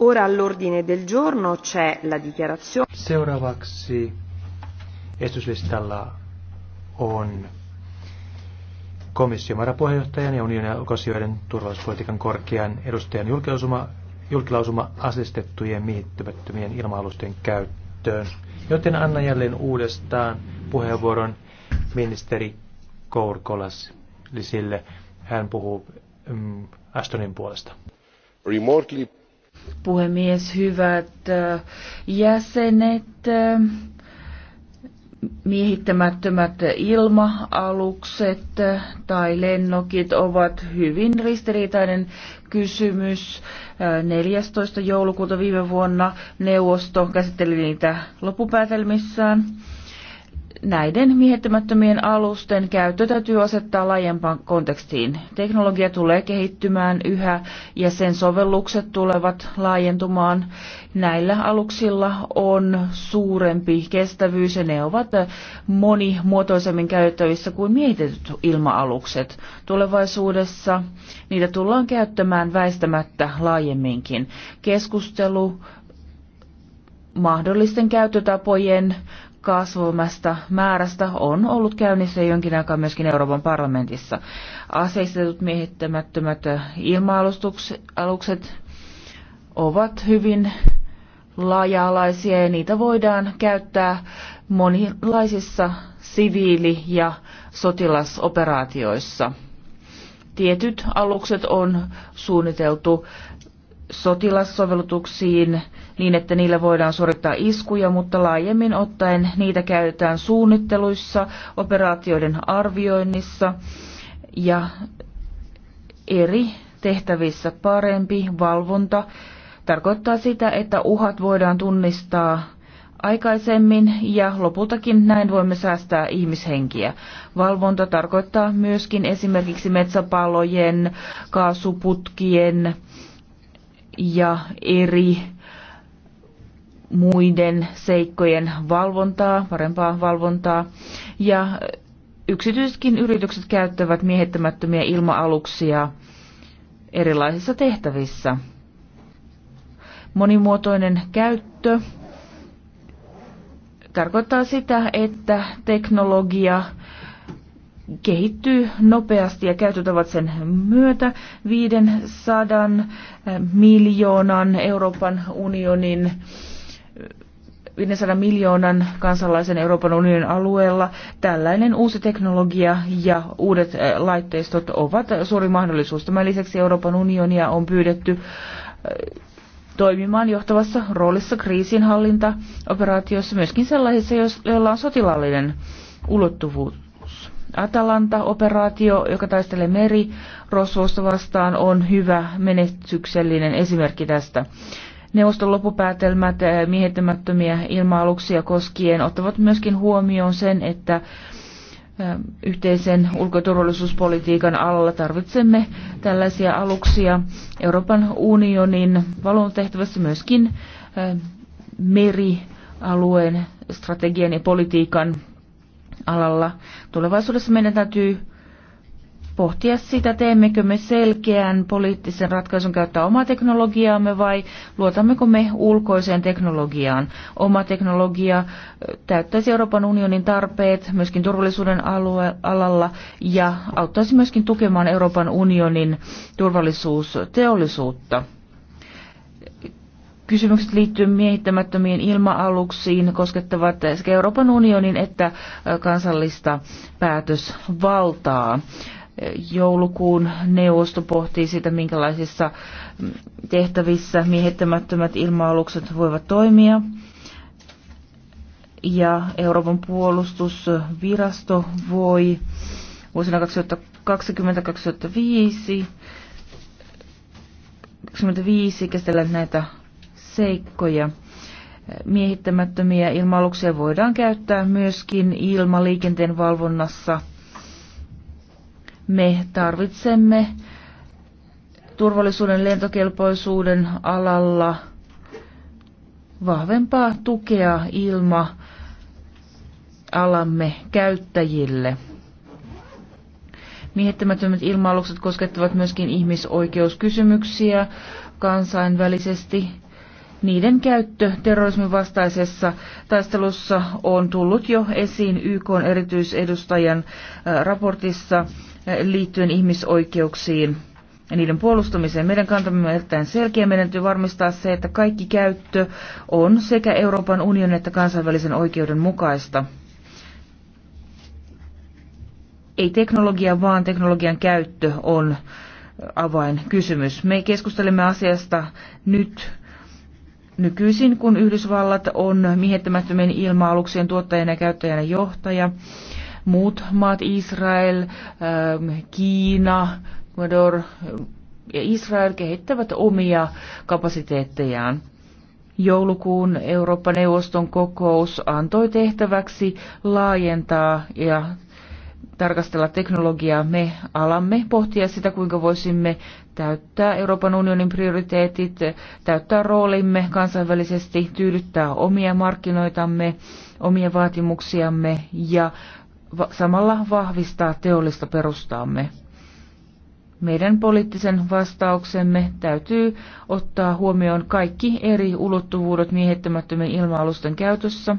Ora all'ordine del giorno c'è la dichiarazione. Seuraavaksi esityslistalla on komission varapuheenjohtajan ja unionin ulkoasioiden turvallisuuspolitiikan korkean edustajan julkilausuma, julkilausuma asestettujen miehittämättömien ilma-alusten käyttöön. Joten anna jälleen uudestaan puheenvuoron ministeri Kourkolasille. Hän puhuu mm, Astonin puolesta. Remotely puhemies, hyvät äh, jäsenet, äh, miehittämättömät ilma-alukset äh, tai lennokit ovat hyvin ristiriitainen kysymys. 14. joulukuuta viime vuonna neuvosto käsitteli niitä loppupäätelmissään näiden miehittämättömien alusten käyttö täytyy asettaa laajempaan kontekstiin. Teknologia tulee kehittymään yhä ja sen sovellukset tulevat laajentumaan. Näillä aluksilla on suurempi kestävyys ja ne ovat monimuotoisemmin käyttävissä kuin miehitetyt ilma-alukset. Tulevaisuudessa niitä tullaan käyttämään väistämättä laajemminkin. Keskustelu mahdollisten käyttötapojen kasvavasta määrästä on ollut käynnissä jonkin aikaa myöskin Euroopan parlamentissa. Aseistetut miehittämättömät ilma-alukset ovat hyvin laaja-alaisia ja niitä voidaan käyttää monilaisissa siviili- ja sotilasoperaatioissa. Tietyt alukset on suunniteltu sotilassovellutuksiin niin, että niillä voidaan suorittaa iskuja, mutta laajemmin ottaen niitä käytetään suunnitteluissa, operaatioiden arvioinnissa ja eri tehtävissä parempi valvonta tarkoittaa sitä, että uhat voidaan tunnistaa aikaisemmin ja lopultakin näin voimme säästää ihmishenkiä. Valvonta tarkoittaa myöskin esimerkiksi metsäpalojen, kaasuputkien, ja eri muiden seikkojen valvontaa, parempaa valvontaa. Ja yksityisetkin yritykset käyttävät miehittämättömiä ilma-aluksia erilaisissa tehtävissä. Monimuotoinen käyttö tarkoittaa sitä, että teknologia kehittyy nopeasti ja käytötavat sen myötä 500 eh, miljoonan Euroopan unionin 500 eh, miljoonan kansalaisen Euroopan unionin alueella tällainen uusi teknologia ja uudet eh, laitteistot ovat suuri mahdollisuus. Tämän lisäksi Euroopan unionia on pyydetty toimimaan johtavassa roolissa kriisinhallintaoperaatioissa, myöskin sellaisissa, joilla on sotilaallinen ulottuvuus Atalanta-operaatio, joka taistelee meri Rosvosta vastaan, on hyvä menestyksellinen esimerkki tästä. Neuvoston lopupäätelmät eh, miehittämättömiä ilma-aluksia koskien ottavat myöskin huomioon sen, että eh, yhteisen ulko- ja turvallisuuspolitiikan alalla tarvitsemme tällaisia aluksia Euroopan unionin valvontatehtävässä myöskin eh, merialueen strategian ja politiikan alalla. Tulevaisuudessa meidän täytyy pohtia sitä, teemmekö me selkeän poliittisen ratkaisun käyttää omaa teknologiaamme vai luotammeko me ulkoiseen teknologiaan. Oma teknologia täyttäisi Euroopan unionin tarpeet myöskin turvallisuuden alue, alalla ja auttaisi myöskin tukemaan Euroopan unionin turvallisuusteollisuutta kysymykset liittyen miehittämättömiin ilma-aluksiin koskettavat sekä Euroopan unionin että äh, kansallista päätösvaltaa. Joulukuun neuvosto pohtii sitä, minkälaisissa mm, tehtävissä miehittämättömät ilma-alukset voivat toimia. Ja Euroopan puolustusvirasto voi vuosina 2020-2025 käsitellä näitä seikkoja. Miehittämättömiä ilmaluksia voidaan käyttää myöskin ilmaliikenteen valvonnassa. Me tarvitsemme turvallisuuden lentokelpoisuuden alalla vahvempaa tukea ilma alamme käyttäjille. Miehittämättömät ilma-alukset koskettavat myöskin ihmisoikeuskysymyksiä kansainvälisesti niiden käyttö terrorismin vastaisessa taistelussa on tullut jo esiin YK erityisedustajan raportissa liittyen ihmisoikeuksiin ja niiden puolustamiseen. Meidän kantamme on erittäin selkeä. Meidän täytyy varmistaa se, että kaikki käyttö on sekä Euroopan unionin että kansainvälisen oikeuden mukaista. Ei teknologia, vaan teknologian käyttö on avainkysymys. Me keskustelemme asiasta nyt Nykyisin, kun Yhdysvallat on miehittämättömien ilma-aluksien tuottajana ja käyttäjänä johtaja, muut maat, Israel, ähm, Kiina, Ecuador ja Israel kehittävät omia kapasiteettejaan. Joulukuun Eurooppa-neuvoston kokous antoi tehtäväksi laajentaa ja tarkastella teknologiaa, me alamme pohtia sitä, kuinka voisimme täyttää Euroopan unionin prioriteetit, täyttää roolimme kansainvälisesti, tyydyttää omia markkinoitamme, omia vaatimuksiamme ja samalla vahvistaa teollista perustaamme. Meidän poliittisen vastauksemme täytyy ottaa huomioon kaikki eri ulottuvuudet miehittämättömien ilma-alusten käytössä,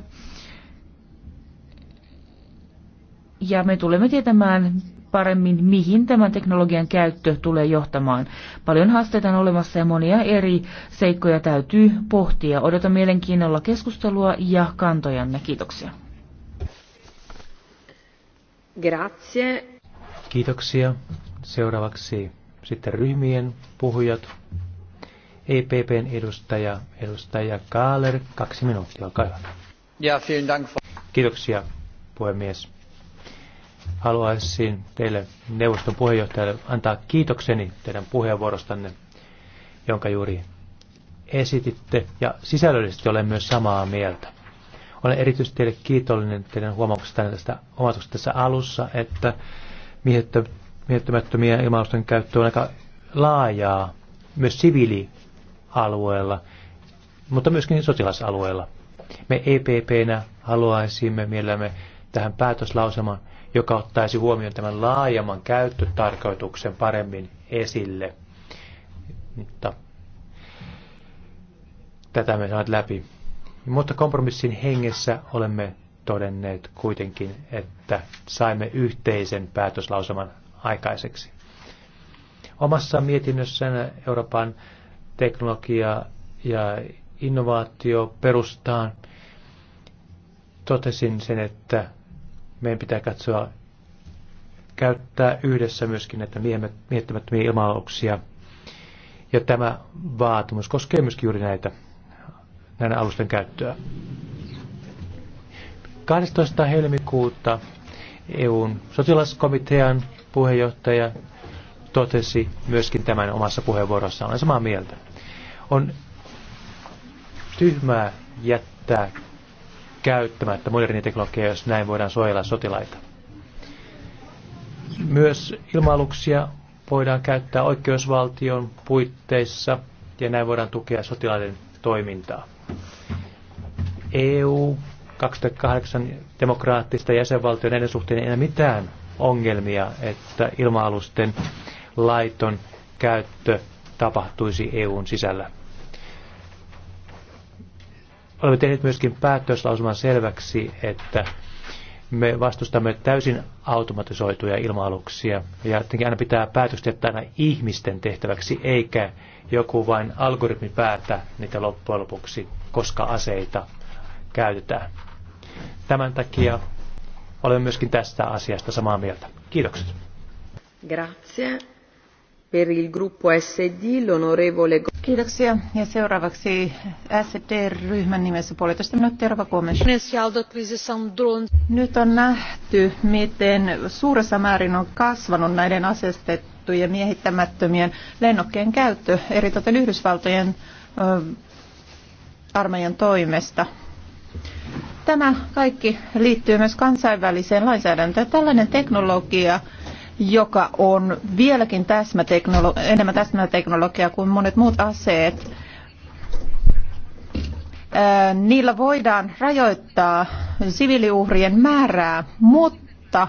ja me tulemme tietämään paremmin, mihin tämän teknologian käyttö tulee johtamaan. Paljon haasteita on olemassa ja monia eri seikkoja täytyy pohtia. Odotan mielenkiinnolla keskustelua ja kantojanne. Kiitoksia. Grazie. Kiitoksia. Seuraavaksi sitten ryhmien puhujat. EPPn edustaja, edustaja Kaaler, kaksi minuuttia, olkaa hyvä. Ja, vielen dank. Kiitoksia, puhemies haluaisin teille neuvoston puheenjohtajalle antaa kiitokseni teidän puheenvuorostanne, jonka juuri esititte, ja sisällöllisesti olen myös samaa mieltä. Olen erityisesti teille kiitollinen teidän huomauksestanne tästä omatuksesta tässä alussa, että miettömättömiä ilmausten käyttö on aika laajaa myös siviilialueella, mutta myöskin sotilasalueella. Me EPPnä haluaisimme mielellämme tähän päätöslauseman joka ottaisi huomioon tämän laajemman käyttötarkoituksen paremmin esille. Mutta tätä me saat läpi. Mutta kompromissin hengessä olemme todenneet kuitenkin, että saimme yhteisen päätöslausuman aikaiseksi. Omassa mietinnössään Euroopan teknologia- ja innovaatio perustaan totesin sen, että meidän pitää katsoa, käyttää yhdessä myöskin näitä miettimättömiä ilma Ja tämä vaatimus koskee myöskin juuri näitä, näiden alusten käyttöä. 12. helmikuuta EUn sotilaskomitean puheenjohtaja totesi myöskin tämän omassa puheenvuorossaan. Olen samaa mieltä. On tyhmää jättää käyttämättä moderni teknologia, jos näin voidaan suojella sotilaita. Myös ilma voidaan käyttää oikeusvaltion puitteissa ja näin voidaan tukea sotilaiden toimintaa. EU 28 demokraattista jäsenvaltioiden näiden suhteen ei enää mitään ongelmia, että ilma-alusten laiton käyttö tapahtuisi EUn sisällä olemme tehneet myöskin päätöslausuman selväksi, että me vastustamme täysin automatisoituja ilma-aluksia. Ja aina pitää päätöstä tänä aina ihmisten tehtäväksi, eikä joku vain algoritmi päätä niitä loppujen lopuksi, koska aseita käytetään. Tämän takia olemme myöskin tästä asiasta samaa mieltä. Kiitokset. Grazie. Per il gruppo SD, l'onorevole... Kiitoksia. Ja seuraavaksi SD-ryhmän nimessä puolitoista minuuttia, Rova Nyt on nähty, miten suuressa määrin on kasvanut näiden asestettujen miehittämättömien lennokkien käyttö eritoten Yhdysvaltojen armeijan toimesta. Tämä kaikki liittyy myös kansainväliseen lainsäädäntöön. Tällainen teknologia joka on vieläkin täsmäteknolo- enemmän täsmäteknologiaa kuin monet muut aseet. Niillä voidaan rajoittaa siviiliuhrien määrää, mutta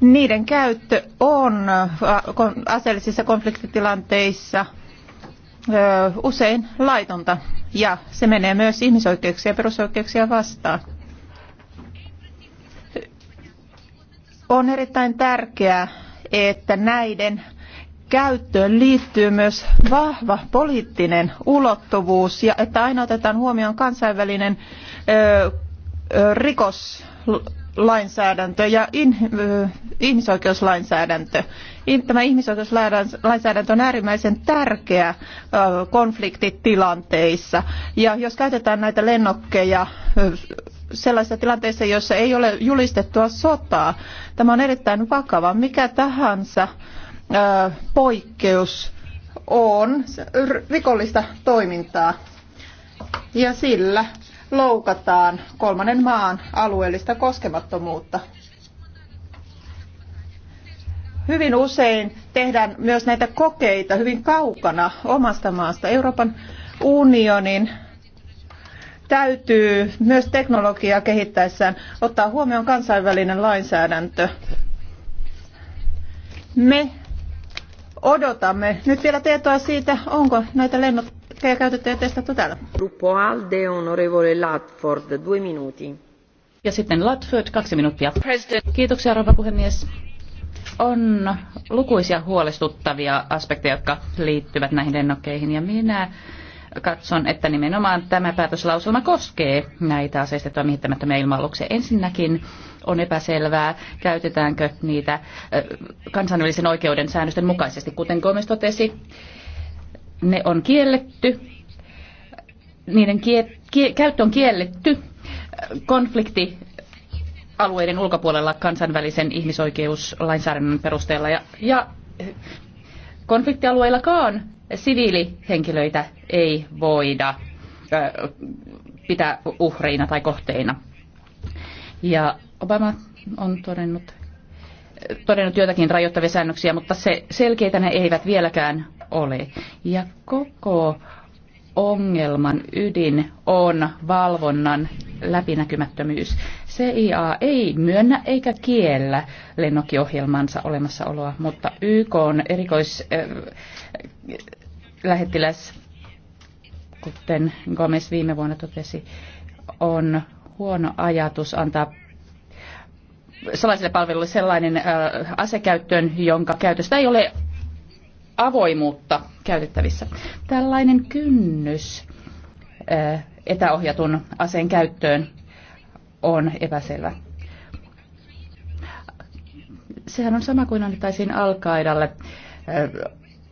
niiden käyttö on aseellisissa konfliktitilanteissa usein laitonta ja se menee myös ihmisoikeuksia ja perusoikeuksia vastaan. On erittäin tärkeää, että näiden käyttöön liittyy myös vahva poliittinen ulottuvuus ja että aina otetaan huomioon kansainvälinen ö, rikoslainsäädäntö ja in, ö, ihmisoikeuslainsäädäntö. Tämä ihmisoikeuslainsäädäntö on äärimmäisen tärkeä konfliktitilanteissa ja jos käytetään näitä lennokkeja sellaisissa tilanteissa, joissa ei ole julistettua sotaa. Tämä on erittäin vakava. Mikä tahansa poikkeus on rikollista toimintaa ja sillä loukataan kolmannen maan alueellista koskemattomuutta. Hyvin usein tehdään myös näitä kokeita hyvin kaukana omasta maasta. Euroopan unionin täytyy myös teknologiaa kehittäessään ottaa huomioon kansainvälinen lainsäädäntö. Me odotamme nyt vielä tietoa siitä, onko näitä lennokkeja käytetty ja testattu täällä. Gruppo Alde, onorevole Latford, due minuti. Ja sitten Latford, kaksi minuuttia. President. Kiitoksia, rouva puhemies on lukuisia huolestuttavia aspekteja, jotka liittyvät näihin lennokkeihin. Ja minä katson, että nimenomaan tämä päätöslauselma koskee näitä aseistettuja miehittämättömiä ilma-aluksia. Ensinnäkin on epäselvää, käytetäänkö niitä kansainvälisen oikeuden säännösten mukaisesti. Kuten Gomes totesi, ne on kielletty, niiden kie, kie, käyttö on kielletty konflikti alueiden ulkopuolella kansainvälisen ihmisoikeuslainsäädännön perusteella ja, ja konfliktialueillakaan siviilihenkilöitä ei voida pitää uhreina tai kohteina. Ja Obama on todennut, todennut joitakin rajoittavia säännöksiä, mutta se, selkeitä ne eivät vieläkään ole. Ja koko ongelman ydin on valvonnan läpinäkymättömyys. CIA ei myönnä eikä kiellä lennokkiohjelmansa olemassaoloa, mutta YK on erikois lähettiläs, kuten Gomez viime vuonna totesi, on huono ajatus antaa salaisille palveluille sellainen asekäyttöön, jonka käytöstä ei ole avoimuutta käytettävissä. Tällainen kynnys etäohjatun aseen käyttöön on epäselvä. Sehän on sama kuin annettaisiin Al-Qaidalle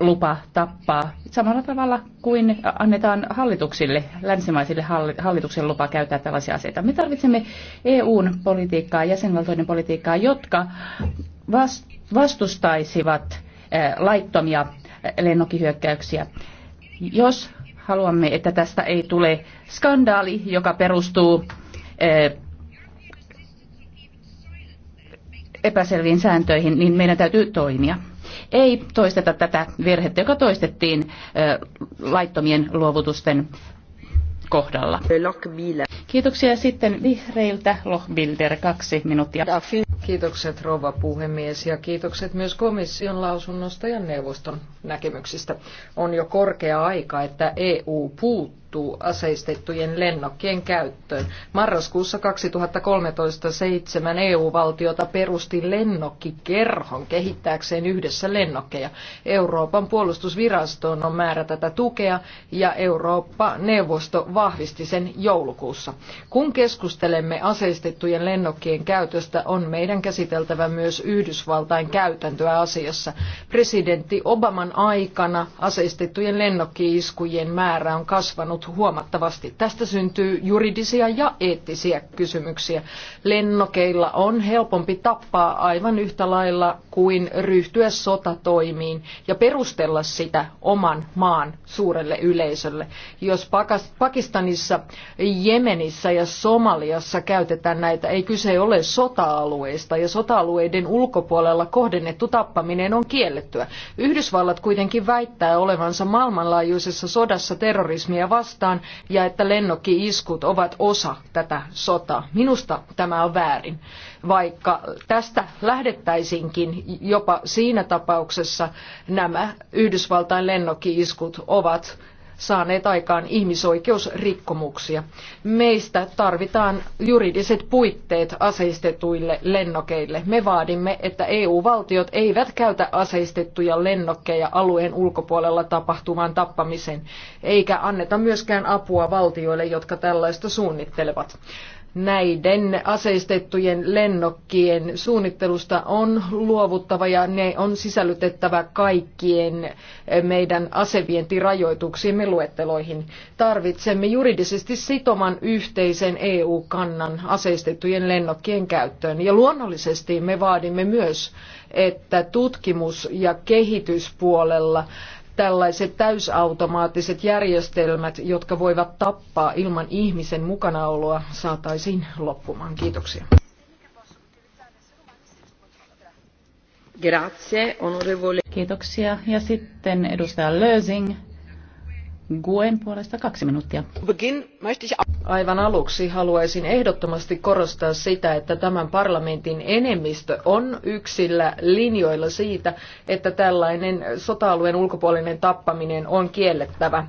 lupa tappaa samalla tavalla kuin annetaan hallituksille, länsimaisille hallituksen lupa käyttää tällaisia aseita. Me tarvitsemme EUn politiikkaa, jäsenvaltoiden politiikkaa, jotka vastustaisivat eh, laittomia eh, lennokihyökkäyksiä. Jos haluamme, että tästä ei tule skandaali, joka perustuu eh, epäselviin sääntöihin, niin meidän täytyy toimia ei toisteta tätä virhettä, joka toistettiin laittomien luovutusten kohdalla. Kiitoksia sitten vihreiltä Lohbilder, kaksi minuuttia. Kiitokset rouva puhemies ja kiitokset myös komission lausunnosta ja neuvoston näkemyksistä. On jo korkea aika, että EU puuttuu puuttuu aseistettujen lennokkien käyttöön. Marraskuussa 2013 seitsemän EU-valtiota perusti lennokkikerhon kehittääkseen yhdessä lennokkeja. Euroopan puolustusvirastoon on määrä tätä tukea ja Eurooppa-neuvosto vahvisti sen joulukuussa. Kun keskustelemme aseistettujen lennokkien käytöstä, on meidän käsiteltävä myös Yhdysvaltain käytäntöä asiassa. Presidentti Obaman aikana aseistettujen lennokkiiskujen määrä on kasvanut kasvanut huomattavasti. Tästä syntyy juridisia ja eettisiä kysymyksiä. Lennokeilla on helpompi tappaa aivan yhtä lailla kuin ryhtyä sotatoimiin ja perustella sitä oman maan suurelle yleisölle. Jos Pakistanissa, Jemenissä ja Somaliassa käytetään näitä, ei kyse ole sota-alueista ja sota-alueiden ulkopuolella kohdennettu tappaminen on kiellettyä. Yhdysvallat kuitenkin väittää olevansa maailmanlaajuisessa sodassa terrorismia vastaan vastaan ja että lennokki-iskut ovat osa tätä sotaa. Minusta tämä on väärin, vaikka tästä lähdettäisinkin jopa siinä tapauksessa nämä Yhdysvaltain lennokki-iskut ovat saaneet aikaan ihmisoikeusrikkomuksia. Meistä tarvitaan juridiset puitteet aseistetuille lennokeille. Me vaadimme, että EU-valtiot eivät käytä aseistettuja lennokkeja alueen ulkopuolella tapahtuvaan tappamiseen, eikä anneta myöskään apua valtioille, jotka tällaista suunnittelevat näiden aseistettujen lennokkien suunnittelusta on luovuttava ja ne on sisällytettävä kaikkien meidän asevientirajoituksiimme luetteloihin. Tarvitsemme juridisesti sitoman yhteisen EU-kannan aseistettujen lennokkien käyttöön ja luonnollisesti me vaadimme myös että tutkimus- ja kehityspuolella tällaiset täysautomaattiset järjestelmät, jotka voivat tappaa ilman ihmisen mukanaoloa, saataisiin loppumaan. Kiitoksia. Grazie, onorevole. Kiitoksia. Ja sitten edustaja Lösing. Guen puolesta kaksi minuuttia. Aivan aluksi haluaisin ehdottomasti korostaa sitä, että tämän parlamentin enemmistö on yksillä linjoilla siitä, että tällainen sota-alueen ulkopuolinen tappaminen on kiellettävä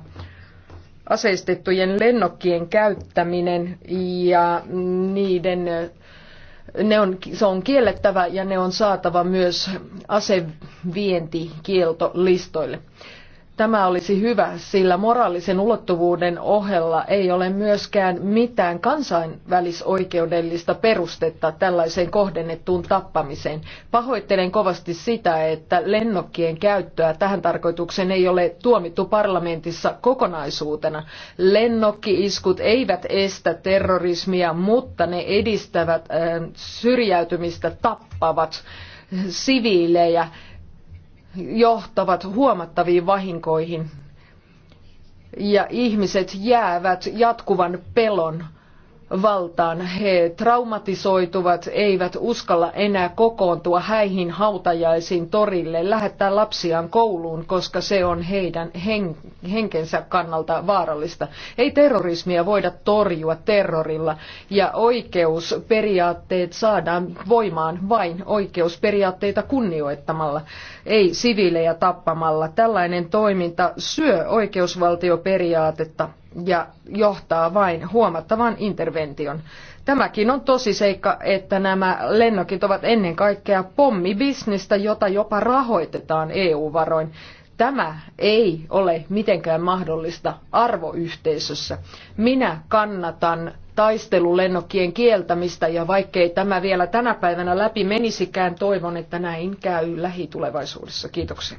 aseistettujen lennokkien käyttäminen ja niiden, ne on, se on kiellettävä ja ne on saatava myös asevientikieltolistoille. listoille. Tämä olisi hyvä, sillä moraalisen ulottuvuuden ohella ei ole myöskään mitään kansainvälisoikeudellista perustetta tällaiseen kohdennettuun tappamiseen. Pahoittelen kovasti sitä, että lennokkien käyttöä tähän tarkoitukseen ei ole tuomittu parlamentissa kokonaisuutena. Lennokkiiskut eivät estä terrorismia, mutta ne edistävät syrjäytymistä, tappavat siviilejä johtavat huomattaviin vahinkoihin ja ihmiset jäävät jatkuvan pelon valtaan. He traumatisoituvat, eivät uskalla enää kokoontua häihin hautajaisiin torille, lähettää lapsiaan kouluun, koska se on heidän henkensä kannalta vaarallista. Ei terrorismia voida torjua terrorilla ja oikeusperiaatteet saadaan voimaan vain oikeusperiaatteita kunnioittamalla, ei siviilejä tappamalla. Tällainen toiminta syö oikeusvaltioperiaatetta ja johtaa vain huomattavan intervention. Tämäkin on tosi seikka, että nämä lennokit ovat ennen kaikkea pommibisnistä, jota jopa rahoitetaan EU-varoin. Tämä ei ole mitenkään mahdollista arvoyhteisössä. Minä kannatan taistelulennokkien kieltämistä ja vaikkei tämä vielä tänä päivänä läpi menisikään, toivon, että näin käy lähitulevaisuudessa. Kiitoksia.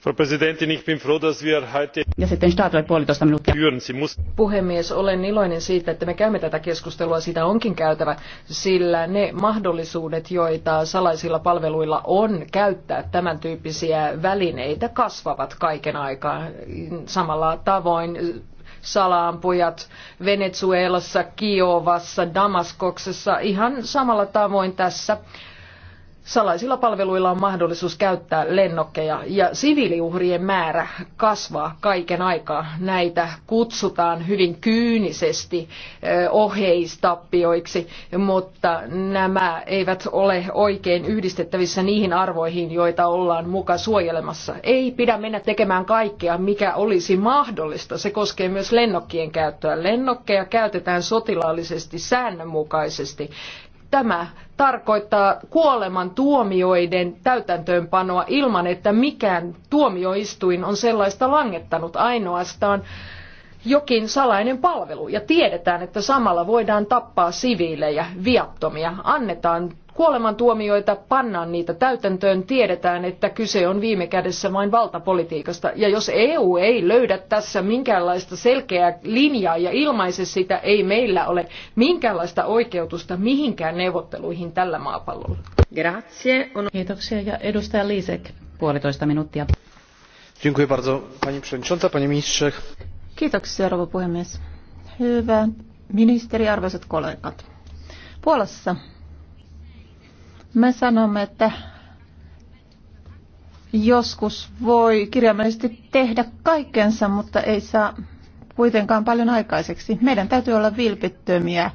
frau präsidentin! ich bin froh dass wir heute puhemies olen iloinen siitä että me käymme tätä keskustelua sitä onkin käytävä sillä ne mahdollisuudet joita salaisilla palveluilla on käyttää tämän tyyppisiä välineitä kasvavat kaiken aikaa samalla tavoin salaampujat Venezuelassa, Kiovassa, Damaskoksessa ihan samalla tavoin tässä Salaisilla palveluilla on mahdollisuus käyttää lennokkeja ja siviiliuhrien määrä kasvaa kaiken aikaa. Näitä kutsutaan hyvin kyynisesti oheistappioiksi, mutta nämä eivät ole oikein yhdistettävissä niihin arvoihin, joita ollaan muka suojelemassa. Ei pidä mennä tekemään kaikkea, mikä olisi mahdollista. Se koskee myös lennokkien käyttöä. Lennokkeja käytetään sotilaallisesti säännönmukaisesti Tämä tarkoittaa kuoleman tuomioiden täytäntöönpanoa ilman, että mikään tuomioistuin on sellaista langettanut ainoastaan jokin salainen palvelu ja tiedetään, että samalla voidaan tappaa siviilejä viattomia. Annetaan kuolemantuomioita, pannaan niitä täytäntöön, tiedetään, että kyse on viime kädessä vain valtapolitiikasta. Ja jos EU ei löydä tässä minkäänlaista selkeää linjaa ja ilmaise sitä, ei meillä ole minkäänlaista oikeutusta mihinkään neuvotteluihin tällä maapallolla. Grazie. Kiitoksia ja edustaja Liisek, puolitoista minuuttia. Dziękuję bardzo, pani przewodnicząca, panie ministrze. Kiitoksia, rouva puhemies. Hyvä ministeri, arvoisat kollegat. Puolassa me sanomme, että joskus voi kirjaimellisesti tehdä kaikkensa, mutta ei saa kuitenkaan paljon aikaiseksi. Meidän täytyy olla vilpittömiä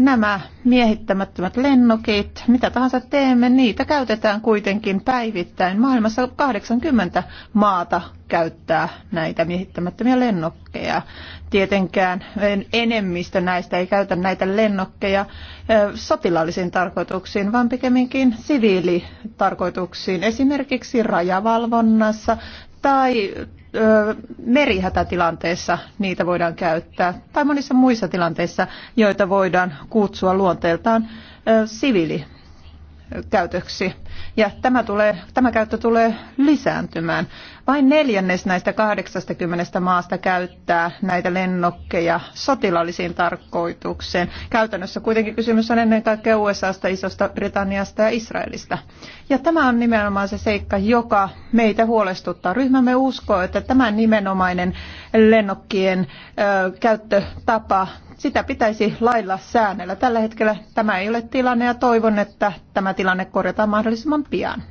Nämä miehittämättömät lennokit, mitä tahansa teemme, niitä käytetään kuitenkin päivittäin. Maailmassa 80 maata käyttää näitä miehittämättömiä lennokkeja. Tietenkään enemmistö näistä ei käytä näitä lennokkeja sotilaallisiin tarkoituksiin, vaan pikemminkin siviilitarkoituksiin, esimerkiksi rajavalvonnassa tai merihätätilanteessa niitä voidaan käyttää tai monissa muissa tilanteissa, joita voidaan kutsua luonteeltaan siviili käytöksi. Ja tämä, tulee, tämä käyttö tulee lisääntymään. Vain neljännes näistä 80 maasta käyttää näitä lennokkeja sotilaallisiin tarkoitukseen. Käytännössä kuitenkin kysymys on ennen kaikkea USAsta, Isosta Britanniasta ja Israelista. Ja tämä on nimenomaan se seikka, joka meitä huolestuttaa. Ryhmämme uskoo, että tämä nimenomainen lennokkien ö, käyttötapa sitä pitäisi lailla säännellä. Tällä hetkellä tämä ei ole tilanne ja toivon, että tämä tilanne korjataan mahdollisimman pian.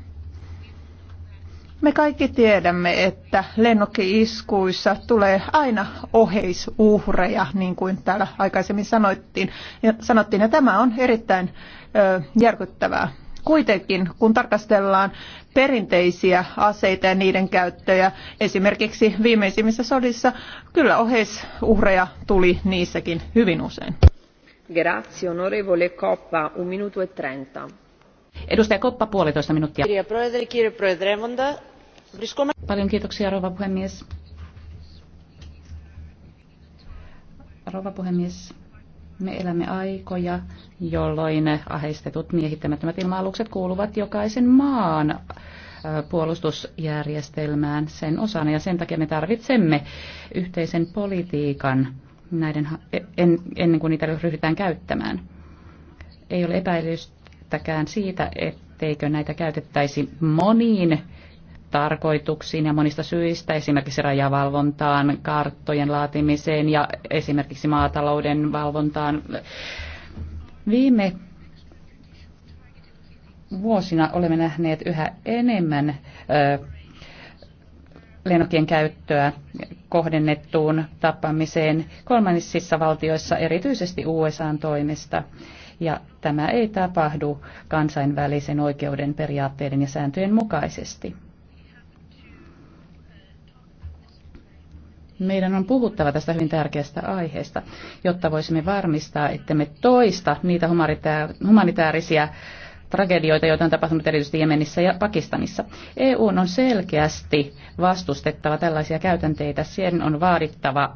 Me kaikki tiedämme, että lennokkiiskuissa tulee aina oheisuhreja, niin kuin täällä aikaisemmin sanottiin. Ja, sanottiin, ja tämä on erittäin ö, järkyttävää. Kuitenkin, kun tarkastellaan perinteisiä aseita ja niiden käyttöjä, esimerkiksi viimeisimmissä sodissa, kyllä oheisuhreja tuli niissäkin hyvin usein. Grazie, onorevole Coppa, un minuto e trenta. Edustaja Koppa, puolitoista minuuttia. Kirja proederi, kirja proedremonda, Paljon kiitoksia, rouva puhemies. Rouva puhemies, me elämme aikoja, jolloin aheistetut miehittämättömät ilma-alukset kuuluvat jokaisen maan puolustusjärjestelmään sen osana ja sen takia me tarvitsemme yhteisen politiikan näiden, e- en, ennen kuin niitä ryhdytään käyttämään. Ei ole epäilystäkään siitä, etteikö näitä käytettäisi moniin tarkoituksiin ja monista syistä, esimerkiksi rajavalvontaan, karttojen laatimiseen ja esimerkiksi maatalouden valvontaan. Viime vuosina olemme nähneet yhä enemmän lennokien käyttöä kohdennettuun tappamiseen kolmannissa valtioissa, erityisesti USAn toimesta. Ja tämä ei tapahdu kansainvälisen oikeuden periaatteiden ja sääntöjen mukaisesti. Meidän on puhuttava tästä hyvin tärkeästä aiheesta, jotta voisimme varmistaa, että me toista niitä humanitaarisia tragedioita, joita on tapahtunut erityisesti Jemenissä ja Pakistanissa. EU on selkeästi vastustettava tällaisia käytänteitä. Sen on vaadittava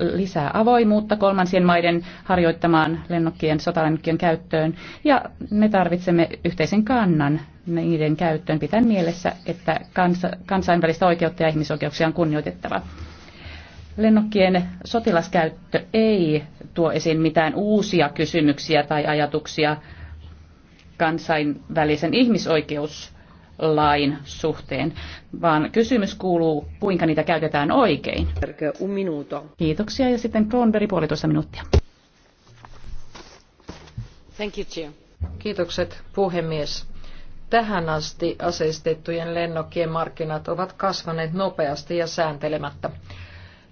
lisää avoimuutta kolmansien maiden harjoittamaan lennokkien, sotalennokkien käyttöön. Ja me tarvitsemme yhteisen kannan niiden käyttöön pitäen mielessä, että kansa, kansainvälistä oikeutta ja ihmisoikeuksia on kunnioitettava. Lennokkien sotilaskäyttö ei tuo esiin mitään uusia kysymyksiä tai ajatuksia kansainvälisen ihmisoikeuslain suhteen, vaan kysymys kuuluu, kuinka niitä käytetään oikein. Kiitoksia ja sitten Kronberg puolitoista minuuttia. Thank you, Chair. Kiitokset puhemies. Tähän asti aseistettujen lennokkien markkinat ovat kasvaneet nopeasti ja sääntelemättä.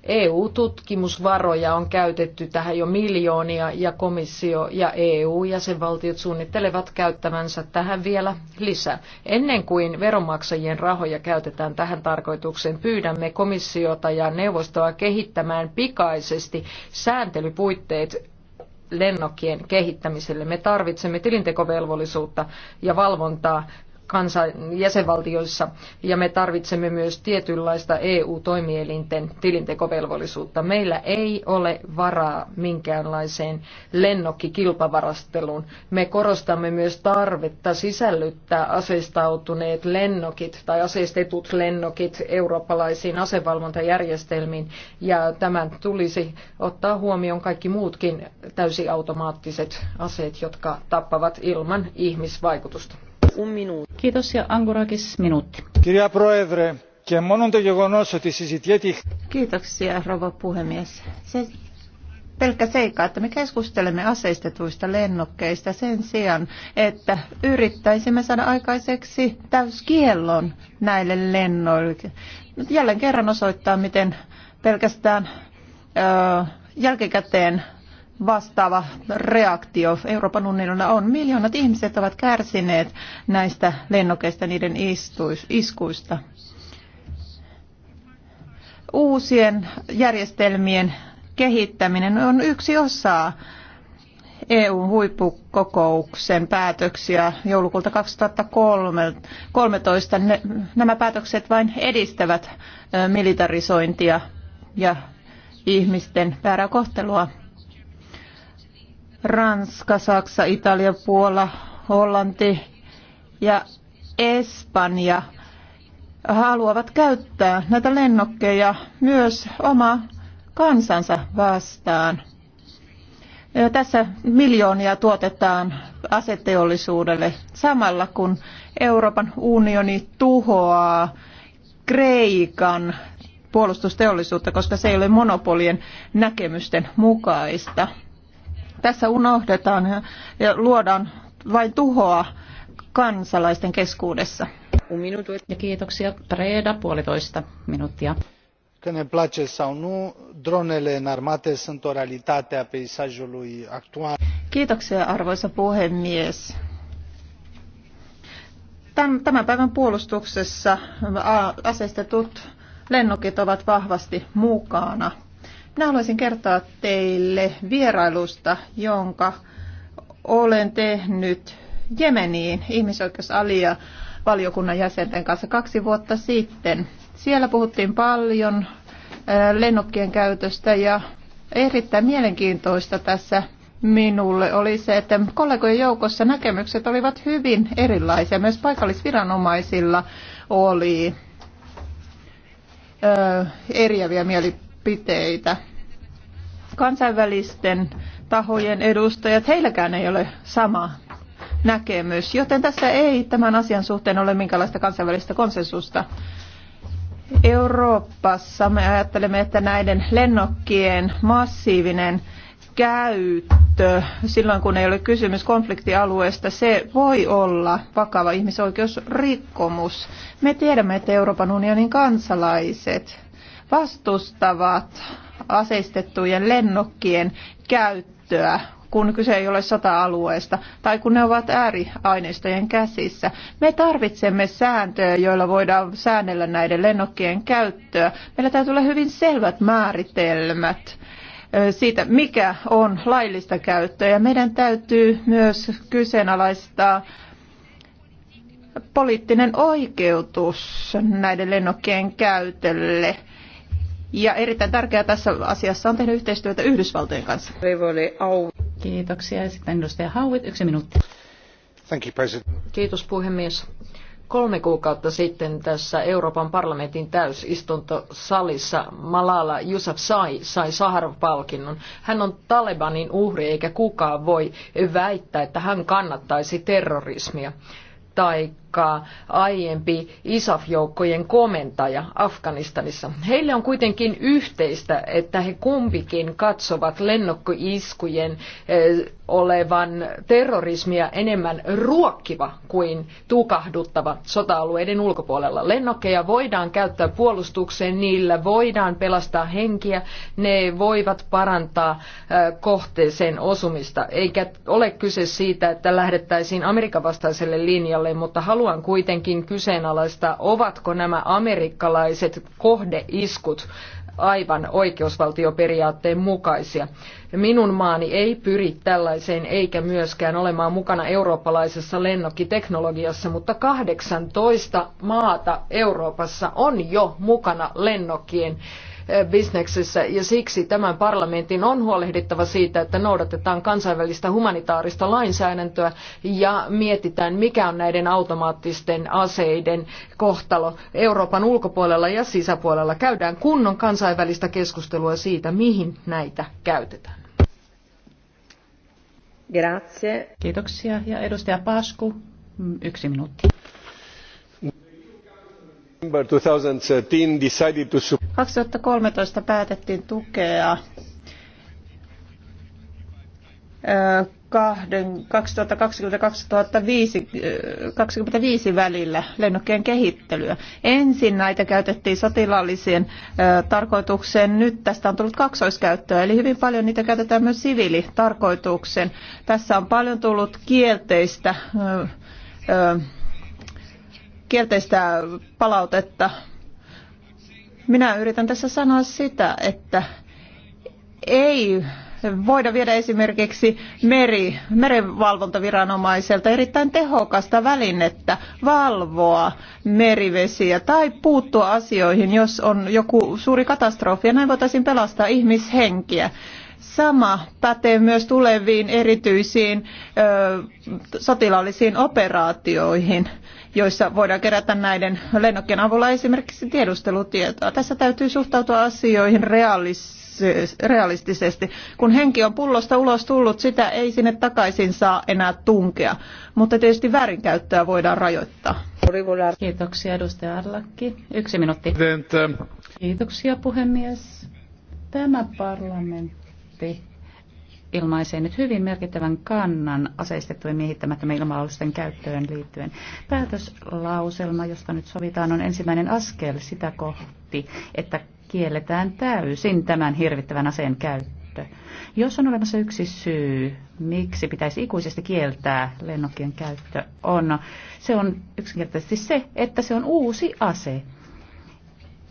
EU-tutkimusvaroja on käytetty tähän jo miljoonia ja komissio ja EU-jäsenvaltiot suunnittelevat käyttävänsä tähän vielä lisää. Ennen kuin veronmaksajien rahoja käytetään tähän tarkoitukseen, pyydämme komissiota ja neuvostoa kehittämään pikaisesti sääntelypuitteet lennokkien kehittämiselle. Me tarvitsemme tilintekovelvollisuutta ja valvontaa kansan jäsenvaltioissa ja me tarvitsemme myös tietynlaista EU-toimielinten tilintekovelvollisuutta. Meillä ei ole varaa minkäänlaiseen lennokkikilpavarasteluun. Me korostamme myös tarvetta sisällyttää aseistautuneet lennokit tai aseistetut lennokit eurooppalaisiin asevalvontajärjestelmiin ja tämän tulisi ottaa huomioon kaikki muutkin täysiautomaattiset aseet, jotka tappavat ilman ihmisvaikutusta. Un minuutti. Kiitos ja Angurakis minuutti. Kirja Proedre, ja monon Kiitoksia, rouva puhemies. pelkkä seikka, että me keskustelemme aseistetuista lennokkeista sen sijaan, että yrittäisimme saada aikaiseksi täyskiellon näille lennoille. Jälleen kerran osoittaa, miten pelkästään ö, jälkikäteen vastaava reaktio Euroopan unionilla on. Miljoonat ihmiset ovat kärsineet näistä lennokeista niiden istuis, iskuista. Uusien järjestelmien kehittäminen on yksi osa eu huippukokouksen päätöksiä joulukuulta 2013. nämä päätökset vain edistävät militarisointia ja ihmisten väärää kohtelua Ranska, Saksa, Italia, Puola, Hollanti ja Espanja haluavat käyttää näitä lennokkeja myös oma kansansa vastaan. Tässä miljoonia tuotetaan aseteollisuudelle samalla kun Euroopan unioni tuhoaa Kreikan puolustusteollisuutta, koska se ei ole monopolien näkemysten mukaista. Tässä unohdetaan ja luodaan vain tuhoa kansalaisten keskuudessa. Ja kiitoksia. Preda, puolitoista minuuttia. Că ne place sau nu, dronele înarmate sunt o realitate a peisajului actual. Kiitoksia, arvoisa puhemies tämän päivän puolustuksessa aseistetut lennokit ovat vahvasti mukana. Minä haluaisin kertoa teille vierailusta, jonka olen tehnyt Jemeniin ihmisoikeusalia valiokunnan jäsenten kanssa kaksi vuotta sitten. Siellä puhuttiin paljon lennokkien käytöstä ja erittäin mielenkiintoista tässä minulle oli se, että kollegojen joukossa näkemykset olivat hyvin erilaisia. Myös paikallisviranomaisilla oli ö, eriäviä mielipiteitä kansainvälisten tahojen edustajat, heilläkään ei ole sama näkemys, joten tässä ei tämän asian suhteen ole minkälaista kansainvälistä konsensusta. Euroopassa me ajattelemme, että näiden lennokkien massiivinen käyttö silloin, kun ei ole kysymys konfliktialueesta, se voi olla vakava ihmisoikeusrikkomus. Me tiedämme, että Euroopan unionin kansalaiset vastustavat aseistettujen lennokkien käyttöä kun kyse ei ole sota-alueesta tai kun ne ovat ääriaineistojen käsissä. Me tarvitsemme sääntöjä, joilla voidaan säännellä näiden lennokkien käyttöä. Meillä täytyy olla hyvin selvät määritelmät siitä, mikä on laillista käyttöä. Ja meidän täytyy myös kyseenalaistaa poliittinen oikeutus näiden lennokkien käytölle – ja erittäin tärkeää tässä asiassa on tehnyt yhteistyötä Yhdysvaltojen kanssa. Kiitoksia. sitten edustaja Hauit, yksi minuutti. Thank you, President. Kiitos puhemies. Kolme kuukautta sitten tässä Euroopan parlamentin täysistuntosalissa Malala Yousafzai sai Saharov-palkinnon. Hän on Talebanin uhri eikä kukaan voi väittää, että hän kannattaisi terrorismia taikka aiempi ISAF-joukkojen komentaja Afganistanissa. Heille on kuitenkin yhteistä, että he kumpikin katsovat lennokkoiskujen eh, olevan terrorismia enemmän ruokkiva kuin tukahduttava sota-alueiden ulkopuolella. Lennokkeja voidaan käyttää puolustukseen, niillä voidaan pelastaa henkiä, ne voivat parantaa kohteeseen osumista. Eikä ole kyse siitä, että lähdettäisiin Amerikan vastaiselle linjalle, mutta haluan kuitenkin kyseenalaistaa, ovatko nämä amerikkalaiset kohdeiskut aivan oikeusvaltioperiaatteen mukaisia. Minun maani ei pyri tällaiseen eikä myöskään olemaan mukana eurooppalaisessa lennokkiteknologiassa, mutta 18 maata Euroopassa on jo mukana lennokkien Eh, bisneksessä ja siksi tämän parlamentin on huolehdittava siitä, että noudatetaan kansainvälistä humanitaarista lainsäädäntöä ja mietitään, mikä on näiden automaattisten aseiden kohtalo Euroopan ulkopuolella ja sisäpuolella. Käydään kunnon kansainvälistä keskustelua siitä, mihin näitä käytetään. Grazie. Kiitoksia. Ja edustaja Pasku, yksi minuutti. 2013 päätettiin tukea 2020-2025 välillä lennokkien kehittelyä. Ensin näitä käytettiin sotilaalliseen tarkoitukseen, nyt tästä on tullut kaksoiskäyttöä, eli hyvin paljon niitä käytetään myös siviilitarkoitukseen. Tässä on paljon tullut kielteistä ö, kielteistä palautetta. Minä yritän tässä sanoa sitä, että ei voida viedä esimerkiksi meri, merenvalvontaviranomaiselta erittäin tehokasta välinettä valvoa merivesiä tai puuttua asioihin, jos on joku suuri katastrofi ja näin voitaisiin pelastaa ihmishenkiä. Sama pätee myös tuleviin erityisiin ö, sotilaallisiin operaatioihin joissa voidaan kerätä näiden lennokkien avulla esimerkiksi tiedustelutietoa. Tässä täytyy suhtautua asioihin realistisesti. Kun henki on pullosta ulos tullut, sitä ei sinne takaisin saa enää tunkea. Mutta tietysti väärinkäyttöä voidaan rajoittaa. Kiitoksia edustaja Arlakki. Yksi minuutti. Kiitoksia puhemies. Tämä parlamentti ilmaisee nyt hyvin merkittävän kannan aseistettujen miehittämättömien ilma-alusten käyttöön liittyen. Päätöslauselma, josta nyt sovitaan, on ensimmäinen askel sitä kohti, että kielletään täysin tämän hirvittävän aseen käyttö. Jos on olemassa yksi syy, miksi pitäisi ikuisesti kieltää lennokkien käyttö, on, se on yksinkertaisesti se, että se on uusi ase.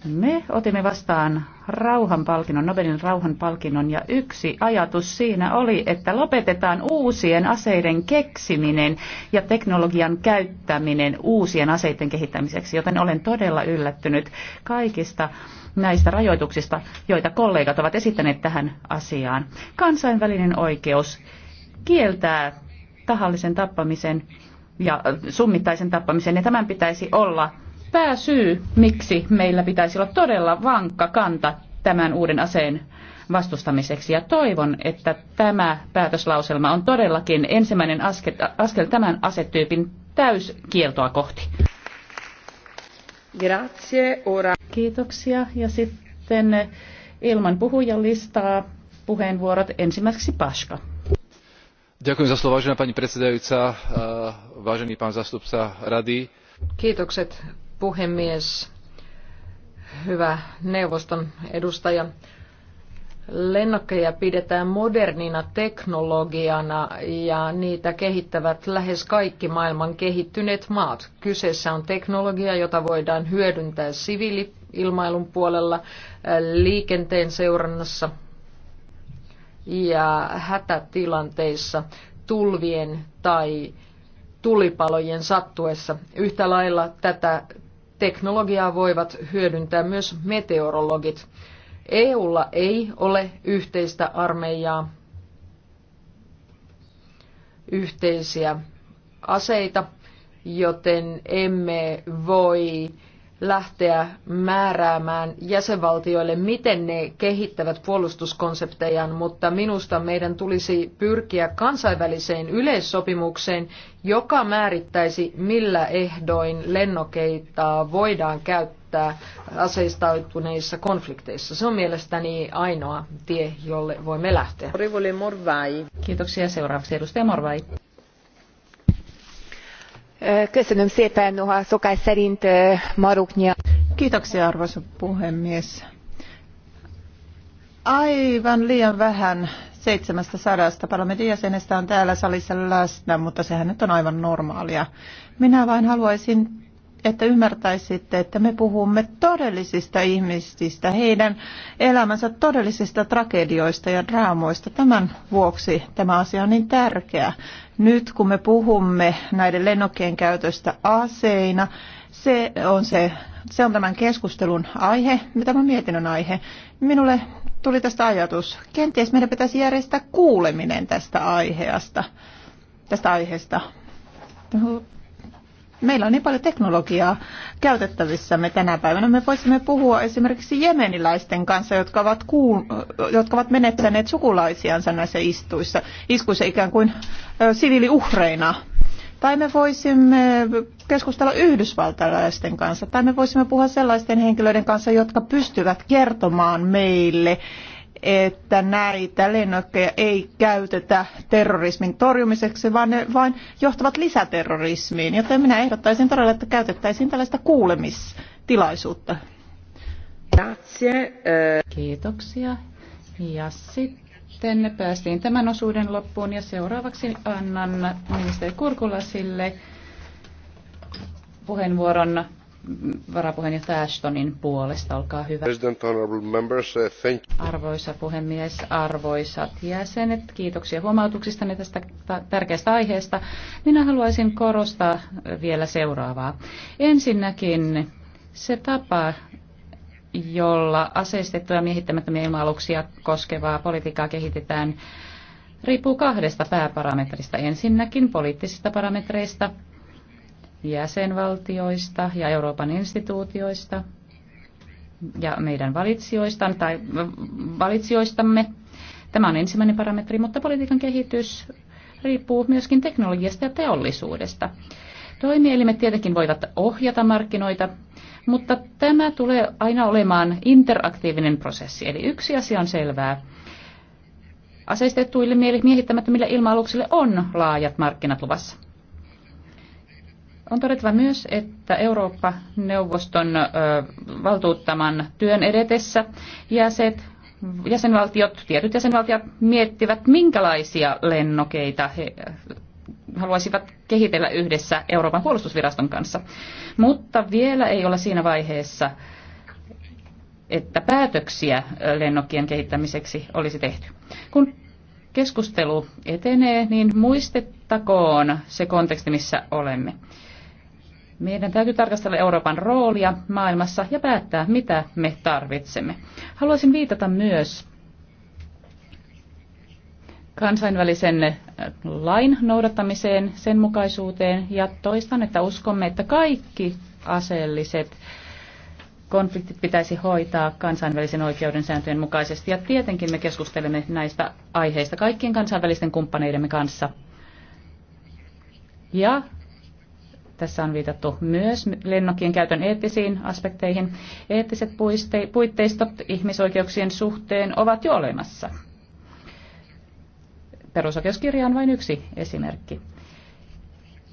Me otimme vastaan rauhanpalkinnon, Nobelin rauhanpalkinnon, ja yksi ajatus siinä oli, että lopetetaan uusien aseiden keksiminen ja teknologian käyttäminen uusien aseiden kehittämiseksi, joten olen todella yllättynyt kaikista näistä rajoituksista, joita kollegat ovat esittäneet tähän asiaan. Kansainvälinen oikeus kieltää tahallisen tappamisen ja summittaisen tappamisen, ja tämän pitäisi olla pääsyy, miksi meillä pitäisi olla todella vankka kanta tämän uuden aseen vastustamiseksi. Ja toivon, että tämä päätöslauselma on todellakin ensimmäinen askel, askel tämän asetyypin täyskieltoa kohti. Grazie, ora. Kiitoksia. Ja sitten ilman listaa puheenvuorot ensimmäiseksi Paska. Ďakujem za slovo, vážená pani predsedajúca, vážený pán zastupca rady. Kiitokset puhemies, hyvä neuvoston edustaja. Lennokkeja pidetään modernina teknologiana ja niitä kehittävät lähes kaikki maailman kehittyneet maat. Kyseessä on teknologia, jota voidaan hyödyntää siviiliilmailun puolella, liikenteen seurannassa ja hätätilanteissa, tulvien tai tulipalojen sattuessa. Yhtä lailla tätä Teknologiaa voivat hyödyntää myös meteorologit. EUlla ei ole yhteistä armeijaa, yhteisiä aseita, joten emme voi lähteä määräämään jäsenvaltioille, miten ne kehittävät puolustuskonseptejaan, mutta minusta meidän tulisi pyrkiä kansainväliseen yleissopimukseen, joka määrittäisi, millä ehdoin lennokeita voidaan käyttää aseistautuneissa konflikteissa. Se on mielestäni ainoa tie, jolle voimme lähteä. Kiitoksia. Seuraavaksi edustaja Morvai noha szokás szerint Kiitoksia arvoisa puhemies. Aivan liian vähän seitsemänsataa parlamentin jäsenestä on täällä salissa läsnä, mutta sehän nyt on aivan normaalia. Minä vain haluaisin, että ymmärtäisitte, että me puhumme todellisista ihmisistä, heidän elämänsä todellisista tragedioista ja draamoista. Tämän vuoksi tämä asia on niin tärkeä. Nyt kun me puhumme näiden lennokkien käytöstä aseina, se on, se, se on tämän keskustelun aihe, mietin mietinnön aihe. Minulle tuli tästä ajatus. Kenties meidän pitäisi järjestää kuuleminen tästä aiheesta. Tästä aiheesta. Meillä on niin paljon teknologiaa käytettävissämme tänä päivänä. Me voisimme puhua esimerkiksi jemeniläisten kanssa, jotka ovat, kuul- jotka ovat menettäneet sukulaisiansa näissä istuissa, iskuissa ikään kuin ö, siviiliuhreina. Tai me voisimme keskustella yhdysvaltalaisten kanssa, tai me voisimme puhua sellaisten henkilöiden kanssa, jotka pystyvät kertomaan meille että näitä lennokkeja ei käytetä terrorismin torjumiseksi, vaan ne vain johtavat lisäterrorismiin. Joten minä ehdottaisin todella, että käytettäisiin tällaista kuulemistilaisuutta. Eh. Kiitoksia. Ja sitten päästiin tämän osuuden loppuun ja seuraavaksi annan ministeri Kurkulasille puheenvuoron varapuheenjohtaja Ashtonin puolesta. Olkaa hyvä. Uh, Arvoisa puhemies, arvoisat jäsenet, kiitoksia huomautuksistanne tästä tärkeästä aiheesta. Minä haluaisin korostaa vielä seuraavaa. Ensinnäkin se tapa, jolla aseistettuja miehittämättömiä ilma-aluksia koskevaa politiikkaa kehitetään, riippuu kahdesta pääparametrista. Ensinnäkin poliittisista parametreista jäsenvaltioista ja Euroopan instituutioista ja meidän valitsijoista tai valitsijoistamme. Tämä on ensimmäinen parametri, mutta politiikan kehitys riippuu myöskin teknologiasta ja teollisuudesta. Toimielimet tietenkin voivat ohjata markkinoita, mutta tämä tulee aina olemaan interaktiivinen prosessi. Eli yksi asia on selvää. Aseistettuille miehittämättömille ilma-aluksille on laajat markkinat luvassa. On todettava myös, että Eurooppa-neuvoston valtuuttaman työn edetessä jäset, jäsenvaltiot, tietyt jäsenvaltiot miettivät, minkälaisia lennokeita he haluaisivat kehitellä yhdessä Euroopan puolustusviraston kanssa. Mutta vielä ei ole siinä vaiheessa, että päätöksiä lennokkien kehittämiseksi olisi tehty. Kun keskustelu etenee, niin muistettakoon se konteksti, missä olemme. Meidän täytyy tarkastella Euroopan roolia maailmassa ja päättää, mitä me tarvitsemme. Haluaisin viitata myös kansainvälisen lain noudattamiseen, sen mukaisuuteen ja toistan, että uskomme, että kaikki aseelliset konfliktit pitäisi hoitaa kansainvälisen oikeuden sääntöjen mukaisesti. Ja tietenkin me keskustelemme näistä aiheista kaikkien kansainvälisten kumppaneidemme kanssa. Ja tässä on viitattu myös lennokkien käytön eettisiin aspekteihin. Eettiset puitteistot ihmisoikeuksien suhteen ovat jo olemassa. Perusoikeuskirja on vain yksi esimerkki.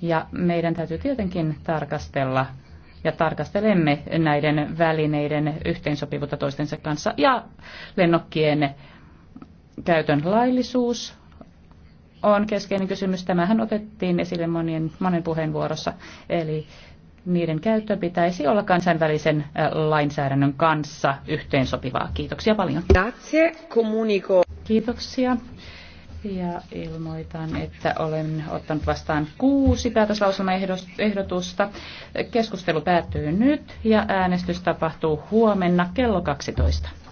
Ja meidän täytyy tietenkin tarkastella ja tarkastelemme näiden välineiden yhteensopivuutta toistensa kanssa ja lennokkien käytön laillisuus on keskeinen kysymys. Tämähän otettiin esille monien, monen puheenvuorossa. Eli niiden käyttö pitäisi olla kansainvälisen lainsäädännön kanssa yhteensopivaa. Kiitoksia paljon. Kiitoksia. Ja ilmoitan, että olen ottanut vastaan kuusi päätöslauselmaehdotusta. Keskustelu päättyy nyt ja äänestys tapahtuu huomenna kello 12.